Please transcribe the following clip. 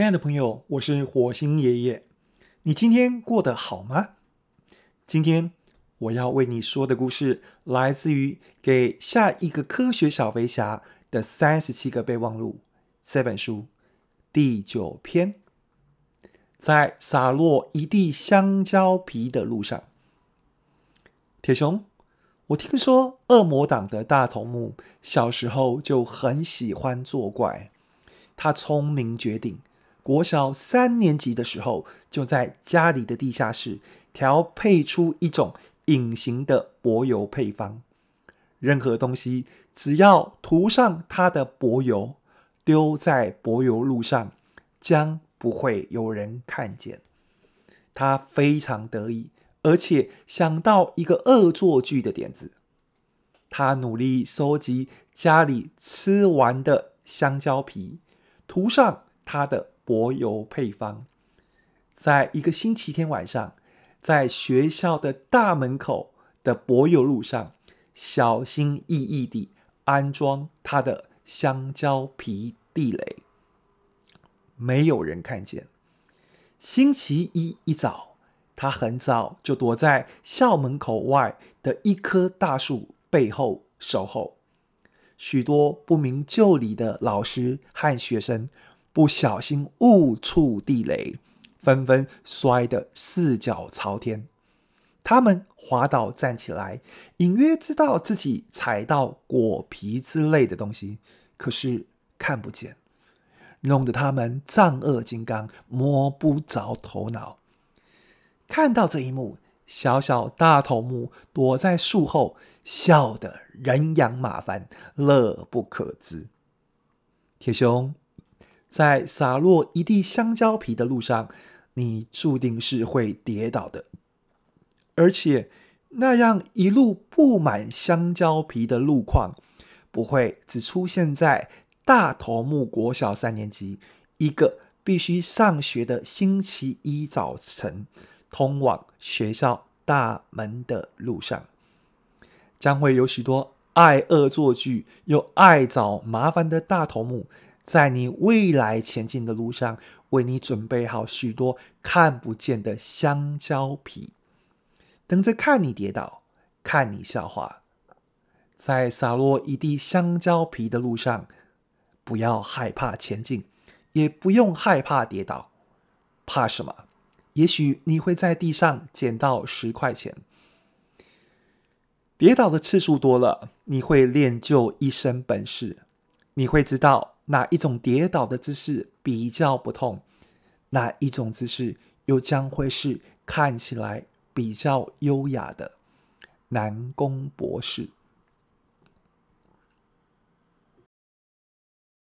親愛的朋友，我是火星爺爺。你今天過得好嗎？今天我要為你說的故事來自於《給下一個科學小飛俠的三十七個備忘錄》這本書第九篇。在灑落一地香蕉皮的路上，鐵雄，我聽說惡魔黨的大頭目小時候就很喜歡作怪，他聰明絕頂。國小三年級的時候，就在家裡的地下室調配出一種隱形的柏油配方。任何東西只要塗上它的柏油，丟在柏油路上，將不會有人看見。他非常得意，而且想到一個惡作劇的點子。他努力收集家裡吃完的香蕉皮，塗上他的。柏油配方，在一個星期天晚上，在學校的大門口的柏油路上，小心翼翼地安裝他的香蕉皮地雷。沒有人看見。星期一，一早，他很早就躲在校門口外的一棵大樹背後守候。許多不明就裡的老師和學生，不小心誤觸地雷，紛紛摔得四腳朝天。他們滑倒站起來，隱約知道自己踩到果皮之類的東西，可是看不見，弄得他們丈二金剛摸不着頭腦。看到這一幕，小小大頭目躲在樹後，笑得人仰馬翻，樂不可支。鐵熊。在灑落一地香蕉皮的路上，你注定是會跌倒的。而且，那樣一路布滿香蕉皮的路況，不會只出現在大頭目國小三年級，一個必須上學的星期一早晨，通往學校大門的路上，將會有許多愛惡作劇，又愛找麻煩的大頭目。在你未來前進的路上，為你準備好許多看不見的香蕉皮，等着看你跌倒，看你笑話。在灑落一地香蕉皮的路上，不要害怕前進，也不用害怕跌倒，怕什麼？也許你會在地上撿到十塊錢。跌倒的次數多了，你會練就一身本事，你會知道。哪一種跌倒的姿勢比較不痛？哪一種姿勢又將會是看起來比較優雅的？南宮博士。